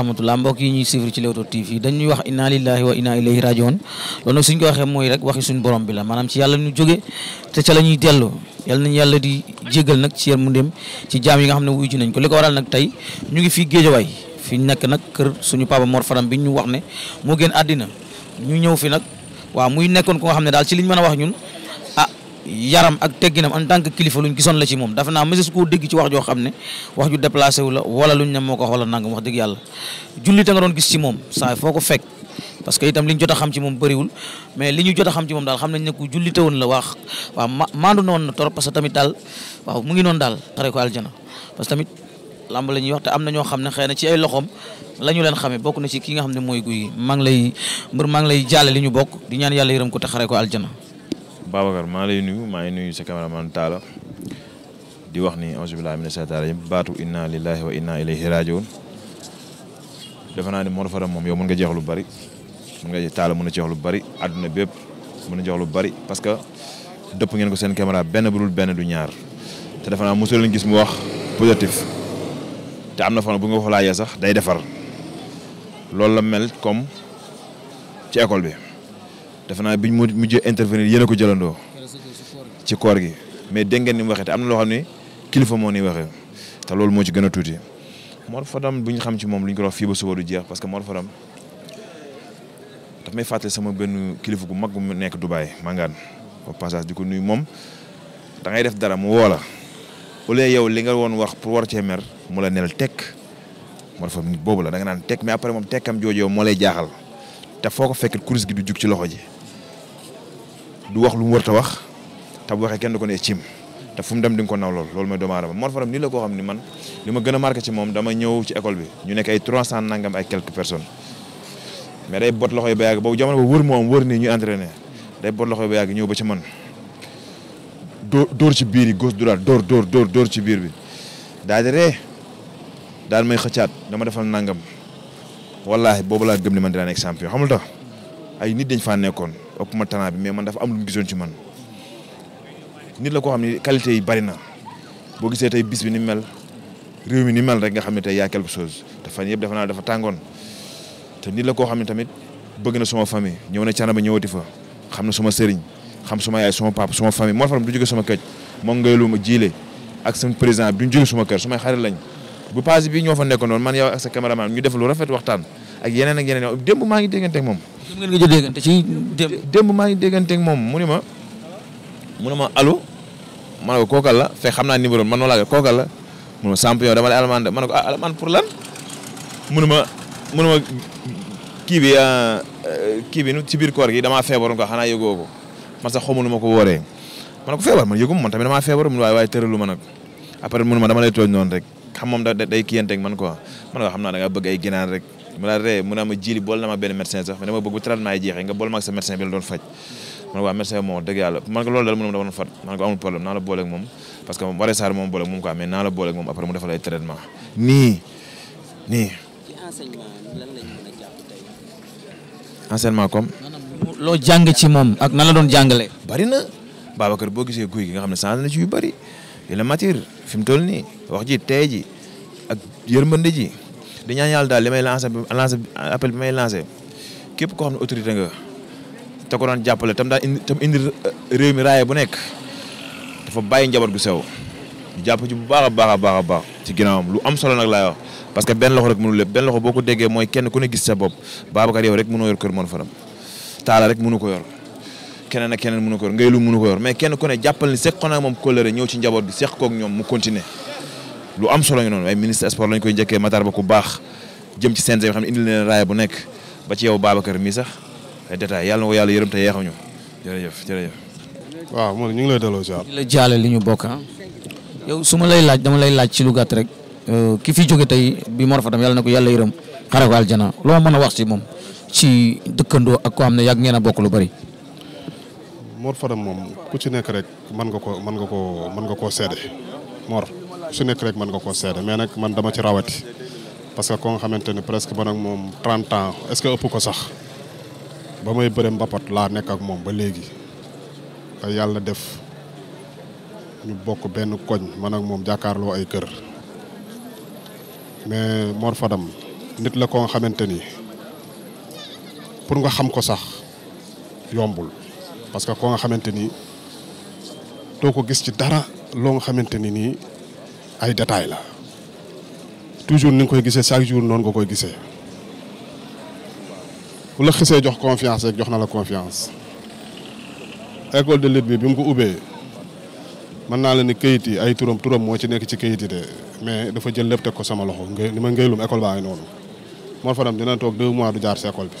rahmatullah mbokk yi ñuy suivre ci Leewtoo TV dañuy wax inna lillahi wa inna ilayhi rajiun loolu nag suñ ko waxee mooy rek waxi suñ borom bi la maanaam ci yàlla ñu jóge te ca la ñuy dellu yàlla nañu yàlla di jégal nag ci yërmandeem ci jaam yi nga xam ne wuyu ji nañ ko li waral nag tey ñu ngi fi Géejawaay fi nekk nag kër suñu papa Mor Faram bi ñu wax ne moo gën àddina ñu ñëw fi nag waaw muy nekkoon ko nga xam ne daal ci liñ mën a wax ñun yaram ak tegginam en tant que kilifa luñ gisoon la ci moom dafa naa mënees koo dégg ci wax joo xam ne wax ju déplacé la wala luñ ne moo ko wax wala nangam wax dëgg yàlla jullit a nga doon gis ci moom saa foo ko fekk. parce que itam li ñu a xam ci moom bëriwul mais li ñu jot xam ci moom daal xam nañ ne ku jullite woon la wax waaw ma maandu na woon que tamit daal waaw mu ngi noonu daal xare ko aljana parce la ñuy wax am na ñoo xam ne xëy na ci ay loxoom la ñu leen xamee bokk na ci ki nga xam ne mooy guy gi maa lay mbër maa lay jaale li ñu bokk di ñaan yàlla yërëm ko te xare Babacar maa lay nuyu maa ngi nuyu sa man taala di wax ni auzu billahi mina seytaani rajim baatu inna lillahi wa inna ilayhi rajiun naa ni Mor Fadam moom yow mën nga jeex lu bari mën nga Talla na ci wax lu bari àdduna bépp mun na jox lu bari parce que dëpp ngeen ko seen caméra benn bu dul benn du ñaar te defe naa mosu leen gis mu wax positif te am na fan bu nga wax sax day defar loolu la mel comme ci école bi. defe naa mu mujjee intervenir yéen a ko jëlandoo. ci koor gi mais dégg ngeen ni mu waxee te am na loo xam ne kilifa moo ni waxee te loolu moo ci gën a tuuti. moo Fadam bu ñu xam ci moom lu ñu wax fii ba suba du jeex parce que Mor Fadam sama benn kilifa gu mag mu nekk Dubaay Mangane au passage di ko nuyu moom da ngay def dara mu woo la au lieu yow li nga woon wax pour war cee mer mu la nel tekk Mor Fadam nit boobu la da nga naan tekk mais après moom tekkam jooju yow moo lay jaaxal te foo ko fekk kuris gi du jug ci loxo ji. du wax lu mu warta wax te bu waxee kenn du ko ne cim te fu mu dem di nga ko naw lool loolu mooy doomu aadama Mor Faram nii la koo xam ni man li ma gën a marqué ci moom ñëw ci école bi ñu nekk ay 300 nangam ay quelques personnes mais day bot loxo yi ba boobu jamono boobu wër moom wër nii ñuy entraîné day bot loxo ñëw ba ci man dóor dóor ci biir yi du daal dóor dóor dóor dóor ci biir bi daal di ree daal may xëccaat dama defal nangam wallahi boobu laa gëm ni man dinaa nekk champion xamul tax ay nit dañ faa nekkoon ëpp ma talent bi mais man dafa am lu mu gisoon ci man nit la koo xam ne qualité yi bari na boo gisee tey bis bi ni mel réew mi ni mel rek nga xam ne tey yaa quelque chose te fan yëpp defe naa dafa tàngoon te nit la koo xam ne tamit bëgg na suma famille ñëw na Thiénaba ñëwati fa xam na suma sëriñ xam suma yaay suma papa suma famille moo faram du jóge suma kër moom ngay lu ma jiile ak seen président bi duñ jóge suma kër sumay xarit lañ bu paase bi ñoo fa ngi déggante ak moom dem ngeen nga déggante ci démb. maa ngi déggante moom mu ne ma mu ne ma allo ma ne la fekk xam naa numéro man noonu kookal la mu ne ma champion dama la almaan ma ne ko ah almaan pour lan mu ne ma mu ne kii bi euh, euh, kii bi nu ci biir gi damaa feebaroon ko xanaa yëgoo ko man sax xamu nu ma ko wooree ma ne ko feebar man yëgu man tamit damaa feebaroon waaye waaye tëralu ma nag après mu ne ma dama lay tooñ noonu rek xam moom da day kiyante ak man quoi man nga xam naa da nga bëgg ay ginaar rek mu daal ree mu ne ma jili bool na ma benn médecin sax dama bëgg bu traitement yi jeexee nga bool ma ak sa médecin bi la doon faj man waa médecin moom dëgg yàlla man ko loolu daal mënuma doon fat man ko amul problème naa la booleeg moom parce que waree saar moom booleeg moom quoi mais naa la booleeg moom après mu defal ay traitement nii nii ci enseignement lan lañ mën a jàpp tey enseignement comme loo jàng ci moom ak nan la doon jàngalee bari na Babacar boo gisee guy gi nga xam ne changé na ci yu bari yi la matière fi mu toll nii wax ji tey ji ak yërmande ji di ñaan yàlla daal li may lancé lancé appel bi may lancé képp koo xam ne autorité nga te ko doon jàppale tam daal indi tam indi réew mi raaya bu nekk dafa bàyyi njaboot gu sew jàpp ci bu baax a baax a baax a baax ci ginnaawam lu am solo nag laay wax loxo rek mënu lépp benn loxo boo ko déggee mooy kenn ku ne gis sa bopp Babacar yow rek mënoo yor kër Mor Fadam Talla rek mënu ko yor keneen ak keneen mënu ko yor Ngaye Loum mënu ko yor mais kenn ku ne jàppal ni seqoon ak moom kóllëre ñëw ci njaboot bi seq koog ñoom mu continuer lu am solo ngi noonu ay ministre sport lañ koy njëkkee Matar Ba ku baax jëm ci CNG bi xam ne indil leen raaya bu nekk ba ci yow Babacar mii sax ay détails yàlla na ko yàlla yërëm te yeexuñu jërëjëf jërëjëf. waaw man ñu ngi lay delloo ziar. di la jaale li ñu bokk ah. yow su lay laaj dama lay laaj ci lu rek euh, ki fi jóge tey bi Mor Fadam yàlla na ko yàlla yërëm xare ko aljana loo mën a wax ci moom ci dëkkandoo ak ko am na yàgg ngeen a bokk lu bari. Mor Fadam moom ku ci nekk rek mën nga ko mën nga koo mën nga koo seede Mor su nekk rek mën nga koo seede mais nag man dama ci rawati parce que ko nga xamante ni presque man ak moom 30 ans est ëpp ko sax ba may bëre mbapat laa nekk ak moom ba léegi te yàlla def ñu bokk benn koñ man ak moom jàkkaarloo ay kër mais morfodam nit la ko nga xamante ni pour nga xam ko sax yombul ko gis ci dara loo nga xamante nii ay détails la toujours ni nga koy gisee chaque jours noonu nga koy gisee bu la xisee jox confiance rek jox na la confiance école de lutte bi bi mu ko ubbee mën naa la ni kayit yi ay turam turam moo ci nekk ci kayit mais dafa jël lépp teg ko sama loxo ngay ni ma ngay lum école baa ngi noonu moo fa dem dina toog deux mois du jaar si école bi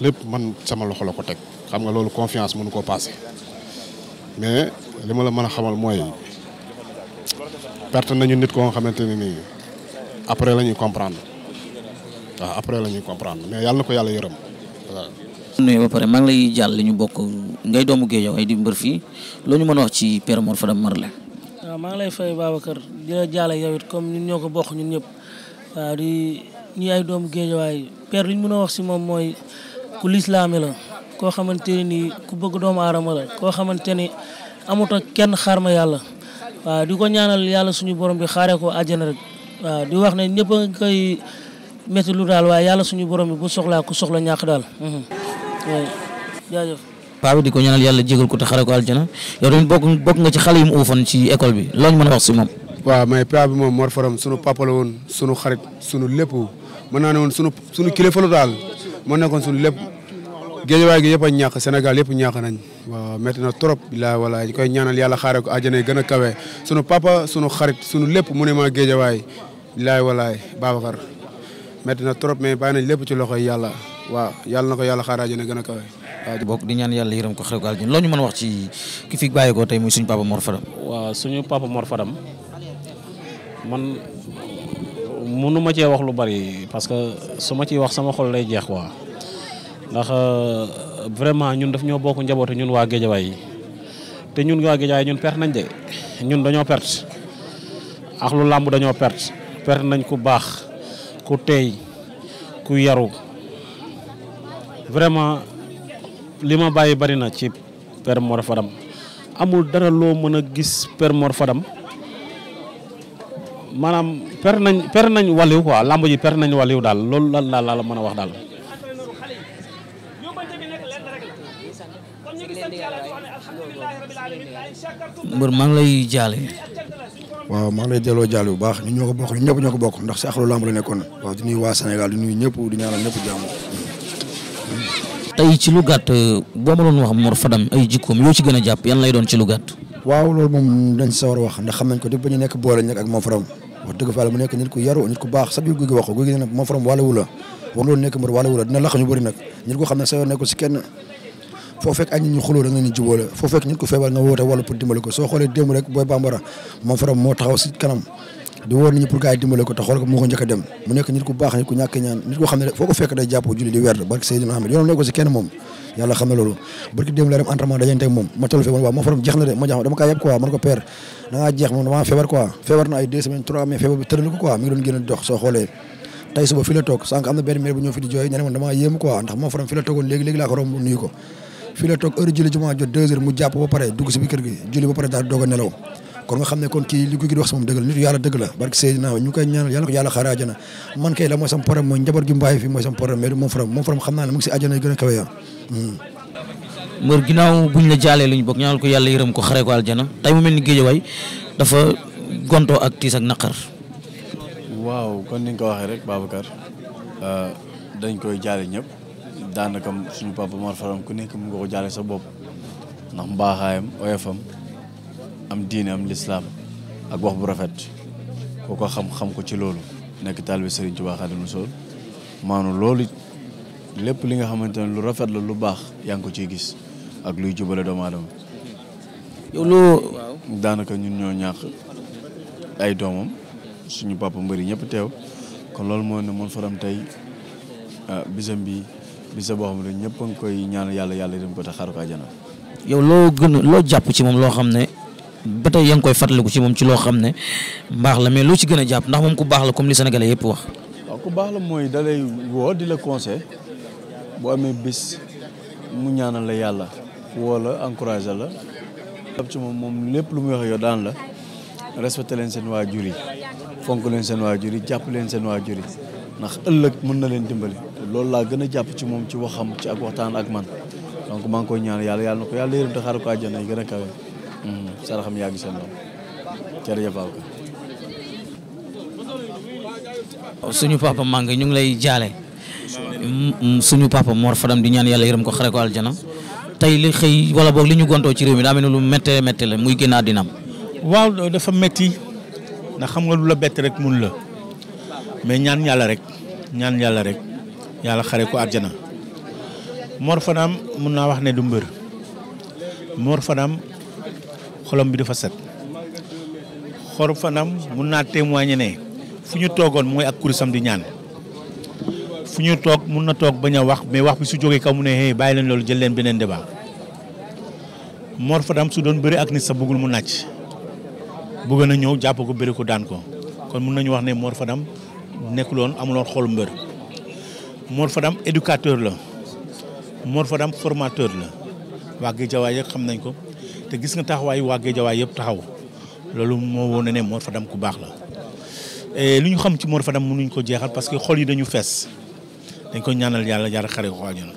lépp man sama loxo la ko teg xam nga loolu confiance mënu koo passé mais li ma la mën a xamal mooy. perte nañu nit ko nga xamante ne nii après la ñuy comprendre waaw après la ñuy comprendre mais yàlla na ko yàlla yërëm waaw. ba pare maa lañuy lay jàll li ñu bokk ngay doomu Géejawaay di mbër fii loo ñu mën a wax ci per Mor Fadam Marle. maa ngi lay fay Babacar di la jàll yow it comme ñun ñoo ko bokk ñun ñëpp waaw doomu Géejawaay Père li ñu mën a wax si moom mooy ku lislaame la koo xamante ne nii ku bëgg doomu aadama la koo xamante ni amut ak kenn xaar ma yàlla. waaw di ko ñaanal yàlla suñu borom bi xaaree ko àjjana rek di wax ne ñëpp a ngi koy métti lu daal waaye yàlla suñu borom bi bu soxlaa ku soxla ñàkk daal. Mhm. jaajëf. di ko ñaanal yàlla jégal ko te xaaree ko àjjana yow tamit bokk nga ci xale yu mu uufoon ci école bi loo ñu mën a wax si moom. waaw mais paa bi moom Mor Faram sunu papa la sunu xarit sunu lépp mën naa ne sunu sunu kilifa daal moo nekkoon sunu lépp. géejawaay gi yëpp a senegal yëpp ñàkk nañ waaw métti trop bilaa wala ñu koy ñaanal yàlla xaare ko àjjana yi gën a kawe sunu papa sunu xarit sunu lépp mu ne ma géejawaay bilaay walaay Babacar métti na trop mais bàyyi nañ lépp ci loxoy yàlla waaw yàlla na ko yàlla xaare àjjana gën a kawe waaw bokk di ñaan yàlla yërëm ko xaare ko àjjana loo ñu mën a wax ci ki fi bàyyi ko tey muy suñu papa Mor Fadam waaw suñu papa Mor Fadam man mënu ma cee wax lu bari parce que su ma ciy wax sama xol lay jeex waa ndax euh, vraiment ñun daf ñoo bokk njaboot ñun waa géejawaay yi te ñun waa géejawaay ñun perte nañ de ñun dañoo perte ak lu làmb dañoo perte perte nañ ku baax ku teey ku yaru vraiment li ma bàyyi bari na ci Père Mor Fadam amul dara loo mën a gis Père Mor Fadam maanaam perte nañ perte nañ waliw quoi lamb ji perte nañ waliw daal lool la laal la mën a wax daal mbër maa ngi lay jaale. waaw maa ngi lay delloo jaale bu baax ñu ñoo ko bokk ñu ñëpp bokk ndax si la nekkoon waaw di nuyu waa Sénégal di nuyu ñëpp di ñaanal ñëpp jàmm. tey ma doon wax Mor Fadam ay jikkoom ci gën a jàpp yan lay doon ci lu gàtt. waaw loolu moom dañ si sawar wax ndax xam nañ ko depuis ba ñu nekk boole ñu nekk ak Mor nekk nit ku yaru nit ku baax sax bi guy gi wax guy gi nag Mor Fadam wàllu la war loolu nekk mbër wàllu wu dina lax ñu bëri nag nit ko xam ne si kenn foo fekk ay nit ñu xuloo da nga leen di foo fekk nit ku feebar nga woote wala pour dimbale ko soo xoolee dem moom yàlla ko feebar na ay deux trois mais feebar bi tëral ko quoi ngi doon génn dox soo xoolee tey suba fi la toog sànq am na benn maire bu ñëw fi di jooy ñene moon dama yéem quoi ndax moo faram fi la léegi léegi laa ko romb nuyu ko fii la toog heure julli jumaa jot deux heures mu jàpp ba pare dugg si bi kër gi julli ba pare daal doog a nelaw kon nga xam ne kon kii li ko di wax sama dëgg la nit yàlla dëgg la barke Seydina ñu la moom faram moom faram xam naa ne mu ngi si àjjana yi gën a kawe yaa mbër ginnaaw buñ la jaalee lu ñu bokk ñaanal ko yàlla yërëm ko xare ko àjjana tey mu mel ni géejawaay dafa gontoo ak tiis ak naqar waaw kon ni nga ko waxee rek Babacar euh, dañ koy jaale ñëpp daanaka suñu papa Mor Faram ku nekk mu nga ko jaale sa bopp ndax mbaaxaayam oyofam am diine am lislaam ak wax bu rafet ku ko xam-xam ko ci loolu nekk taal bi taalibe Serigne Touba mu sol maanu loolu lépp li nga xamante ne lu rafet la lu baax yaa ngi ko ci gis ak luy jubale doomu yow loo daanaka ñun ñoo ñàkk ay doomam suñu papa mbëri ñépp teew kon loolu moo ne Mor Faram tey ah, bisam bi bis boo xam ne ñëpp a ngi koy ñaan yàlla yàlla dem ko te xaaru yow loo gën a loo jàpp ci moom loo xam ne ba tey koy fàttaliku ci moom ci loo xam ne mbaax la mais loo ci gën a jàpp ndax moom ku baax la comme li sénégalais yëpp wax. waaw ku baax la mooy da woo di la conseil bu amee bis mu ñaanal la yàlla woo la encouragé la. jàpp ci moom moom lépp lu muy wax yow daan la respecté leen seen waajur yi fonk leen seen waajur yi jàpp leen seen waa yi ndax ëllëg mën na leen dimbali. loolu laa gën a jàpp ci moom ci waxam ci ak waxtaan ak man donc maa koy ñaan yàlla yàlla na ko yàlla yërëm te xaaral ko àjjana yi gën a kawe hmm, saraxam yàgg seen lool jërëjëf ko suñu papa Manga ñu ngi lay jaale hmm, suñu papa Mor Fadam di ñaan yàlla yërëm ko xare ko aljana tey li xëy wala boog li ñu gontoo ci réew mi daa mel ne lu méttee méttee muy génn àddina am waaw dafa métti na xam nga lu la bett rek mun la mais ñaan yàlla rek ñaan yàlla rek yàlla xare ko àjjana moor fanaam mun naa wax ne du mbër Mor Fadam xolom bi dafa set xor Fadam mun naa témoigner ne fu ñu toogoon mooy ak kurisam di ñaan fu ñu toog mun na toog bañ a wax mais wax bi su jógee kaw mu ne hey bàyyi leen loolu jël leen beneen débat Mor Fadam su doon bëri ak nit sa bëggul mu nàcc bëgg na ñëw jàpp ko bëri ko daan ko kon mun nañu wax ne Mor Fadam nekkul amuloon xol mbër. Mor Fadam éducateur la Mor Fadam formateur la waa Géejawaay yëpp xam nañ ko te gis nga taxawaay waa yëpp taxaw loolu moo woon ne Mor Fadam ku baax la e, lu ñu xam ci Mor Fadam mënuñ ko jeexal parce que xool yi dañu fees dañ ko ñaanal yàlla yàlla xare ko àjjana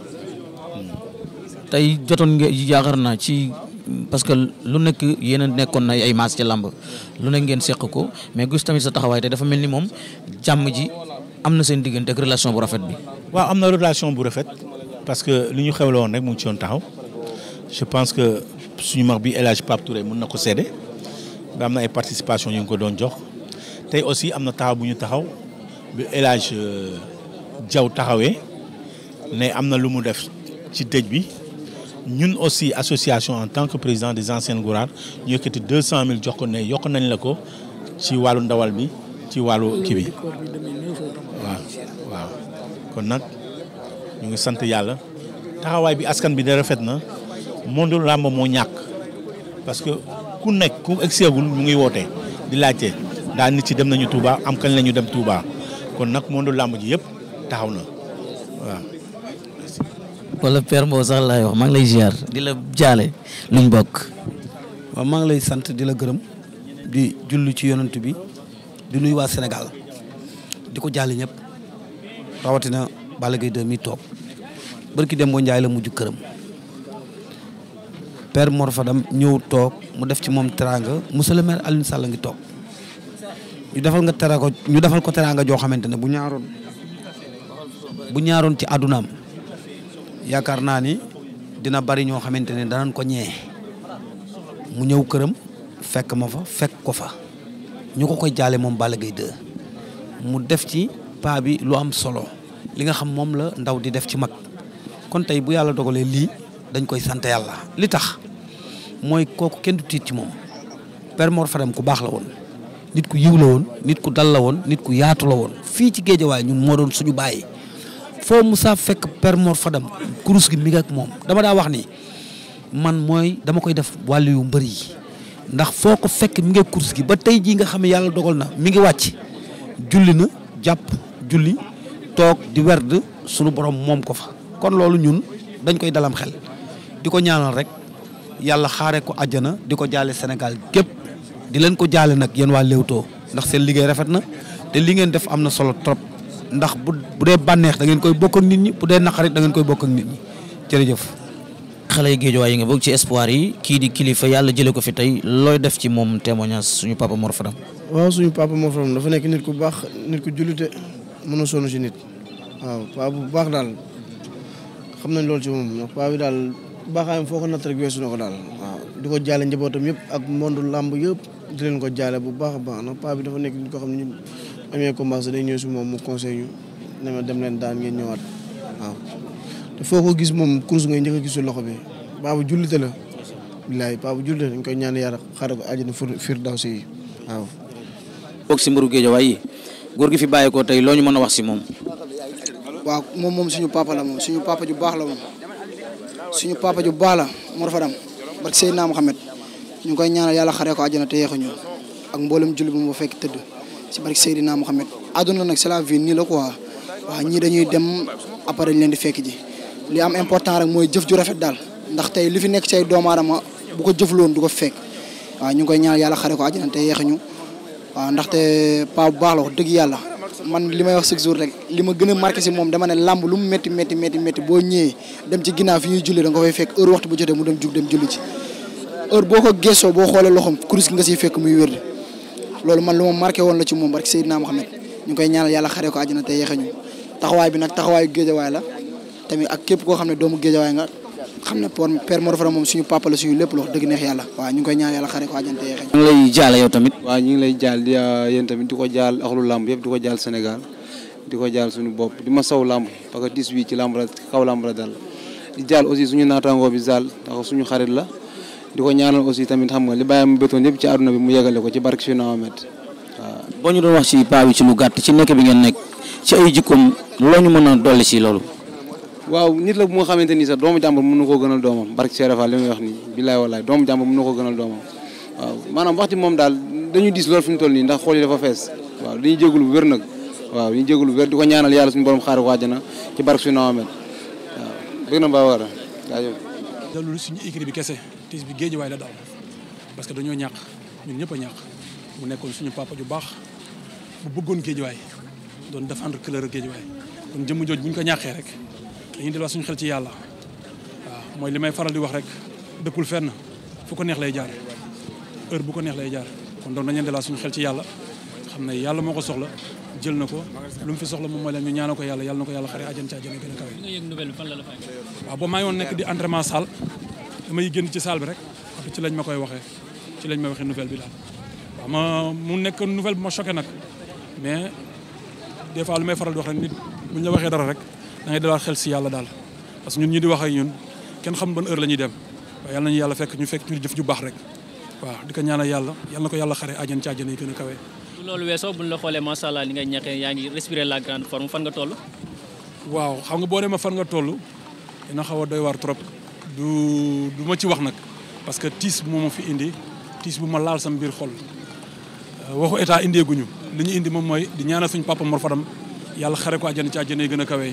tey jotoon nga yaakaar naa ci parce que lu nekk yéen a nekkoon na ay maas ci làmb lu nekk ngeen seq ko mais gis tamit sa taxawaay tey dafa mel ni moom jàmm ji am na seen diggante ak relation bu rafet bi. waaw am na relation bu rafet parce que li ñu xewle woon rek mu ci woon taxaw je pense que suñu max bi élage Hadj Pape mën na ko seede am na ay participation yu ngi ko doon jox tey aussi am na taxaw bu ñu taxaw bu El Hadj euh, taxawee ne am na lu mu def ci dëj bi ñun aussi association en tant que président des anciennes gouraades ñu yëkkati deux cent mille jox ko ne yokk nañ la ko ci wàllu ndawal bi. ci wàllu kii bi waaw kon nag ñu ngi sant yàlla taxawaay bi askan bi da rafet na monde làmb moo ñàkk parce que ku nekk ku egseegul mu ngi woote di laajte daa nit ci dem nañu Touba am kañ la ñu dem Touba kon nag monde làmb ji yépp taxaw na waaw. wala Père Mbow sax laay wax maa ngi lay ziar di la jaale luñ bokk. waaw maa ngi lay sant di la gërëm di jullu ci yonent bi. di nuyuwaa waa Sénégal di ko jaale ñëpp rawatina Balla Gaye 2 mi toog barki dem boo Njaay la mujj këram père Mor Fadam ñëw toog mu def ci moom teraanga monsieur le maire Alioune Sall ngi toog ñu defal nga tera ñu defal ko teraanga joo xamante ne bu ñaaroon bu ñaaroon ci àddunaam yaakaar naa ni dina bari ñoo xamante ne danañ ko ñee mu ñëw këram fekk ma fa fekk ko fa ñu ko koy jaalee moom Balla Gaye 2 mu def ci paa bi lu am solo li nga xam moom la ndaw di def ci mag kon tey bu yàlla dogalee lii dañ koy sant yàlla li tax mooy kooku kenn du tiit ci moom permoor Mor Fadam ku baax la woon nit ku yiw la woon nit ku dal la woon nit ku yaatu la woon fii ci géejawaay ñun moo doon suñu bàyyi foo musaa fekk Père Mor Fadam kurus gi mi moom dama daa wax ni man mooy dama koy def wàllu yu mbër yi ndax foo ko fekk mi ngi course gi ba tey jii nga xam ne yàlla dogol na mu ngi wàcc julli na jàpp julli toog di werd sunu borom moom ko fa kon loolu ñun dañ koy dalam xel di ko ñaanal rek yàlla xaaree ko àjjana di ko jaale Sénégal gépp di leen ko jaale nag yéen waa Leewtoo ndax seen liggéey rafet na te li ngeen def am na solo trop ndax bu bu dee bànneex dangeen koy bokk nit ñi bu dee naqarit dangeen koy bokk ak nit ñi jërëjëf xale yi géejuwaay yi nga bokk ci espoir yi kii di kilifa yàlla jëlee ko fi tey looy def ci moom témoignage suñu papa Mor suñu papa Mor dafa nekk nit ku baax nit ku jullite mën a sonn si bu baax daal xam nañ loolu ci moom ndax paa bi daal baaxaayam foo ko natt rek weesu ko daal waaw di ko jaale njabootam yëpp ak monde làmb yëpp di leen ko jaale bu baax a baax ndax paa bi dafa nekk nit ko xam ne ñu amee combat day ñëw si moom mu conseil ñu ne ma dem leen daan ngeen ñëwaat waaw te foo ko gis moom kurus ngay njëkk a gisul loxo bi baabu jullite la bilaay baabu jullite dañ koy ñaan yàlla xaaral ko àjjana firdawsi yi waaw si mbiru géejawaay yi góor gi fi bàyyi tey loo ñu mën a wax si moom waaw moom moom suñu papa la moom suñu papa ju baax la moom suñu papa ju baax la mor fadam barke Seydina Mohamed ñu ngi koy ñaanal yàlla xaree ko àjjana te yeexu yeexuñu ak mboolem julli bu mu fekk tëdd si barke Seydina Mohamed àdduna nag c'est la vie nii la ko waaw ñii dañuy dem après leen di fekk ji li am important rek mooy jëf ju rafet daal ndax tey li fi nekk ci ay bu ko jëfloon du ko fekk waaw ñu ngi koy ñaanal yàlla xare ko àjjana te yeex ñu waaw ndaxte pa bu baax la dëgg yàlla man li may wax chaque jour rek li ma gën a marqué moom dama ne làmb lu mu métti métti métti métti boo ñëwee dem ci ginnaaw fi ñuy julli da nga fay fekk heure waxtu bu jotee mu dem jug dem julli ci heure boo ko gëstoo boo xoolee loxoom kurus nga siy fekk muy wér loolu man lu ma marqué woon la ci moom barke Seydina Mohamed ñu ngi koy ñaanal yàlla xaree ko àjjana te yeexe ñu taxawaay bi nag taxawaayu géejawaay la tamit ak képp koo xam ne doomu géejawaay nga xam ne père Mor Fara moom suñu papa la suñu lépp la wax dëgg neex yàlla waaw ñu ngi koy ñaan yàlla xare ko àjjante yeexe ñu ngi lay jaal yow tamit waaw ñu ngi jaal ah, yéen tamit di ko jaal axlu ko jaal Sénégal di ko jaal suñu bopp di ma saw làmb parce que 18 ci làmb la kaw làmb la dal jaal aussi suñu naataangoo bi zaal ndax suñu xarit la di ko ñaanal aussi tamit xam nga li bàyyam bétoon yëpp ci àdduna bi mu yeggale ko ci barke Seydina Mohamed waaw doon wax ci paa bi ci gàtt ci nekk bi ngeen nekk ci ay jikkoom loo ñu mën a dolli si loolu waaw nit la bu moo xamante ni sax doomu jàmbur mën na koo gënal doomam barke Cheikh Fall li may wax nii billaay wallaay doomu jàmbur mën na koo gënal doomam waaw maanaam wax ci moom daal dañu diis lool fi mu toll nii ndax xool yi dafa fees waaw dañuy jégalu bu wér nag waaw dañuy jégalu di ko ñaanal yàlla suñu borom xaar waajana ci barke suñu Muhammad waaw bëgg na mbaa war a jaajëf dalul suñu écrit bi kese tiis bi géej waay la daal parce que dañoo ñàkk ñun ñëpp a mu nekkoon suñu papa ju baax bu bëggoon géej waay doon défendre couleur géej waay kon jëmm jooj bu ñu ko ñàkkee rek dañuy delluwaat suñu xel ci yàlla waaw mooy li may faral di wax rek dëkkul fenn fu ko neex lay jaar heure bu ko neex lay jaar kon donc dañuy delluwaat suñu xel ci yàlla xam ne yàlla moo ko soxla jël na ko lu mu fi soxla moom mooy leen ñu ñaanal ko yàlla yàlla na ko yàlla xare àjjana ci àjjana gën a kawe waaw maa ngi nekk di entraînement salle damay génn ci saal bi rek ci lañ ma koy waxee ci lañ ma waxee nouvelle bi daal waaw ma mu nekk nouvelle bu ma choqué nag mais des fois lu may faral di wax la waxee dara rek da ngay dalaat xel si yàlla daal parce que ñun ñu di wax ak ñun kenn xam ban heure la ñuy dem waaw yàlla nañu yàlla fekk ñu fekk ñu jëf baax rek waaw di ko yàlla yàlla na ko yàlla xare àjjan ci àjjan yi gën a kawe bu loolu weesoo buñ la xoolee macha allah li ngay ñaqee yaa ngi respirer la nga toll waaw xam nga boo demee fan nga toll dina xaw a doy waar trop du du ma ci wax nag parce que tiis moom ma fi indi tiis bu ma laal sam biir xol euh, waxu état indee guñu li ñu indi moom mooy di ñaana suñu papa Mor Fadam yàlla xare ko àjjana ci àjjana yi gën a kawe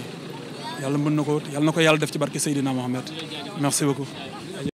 yàlla mën na ko yàlla na ko yàlla def ci barke Seydina Mohamed merci beaucoup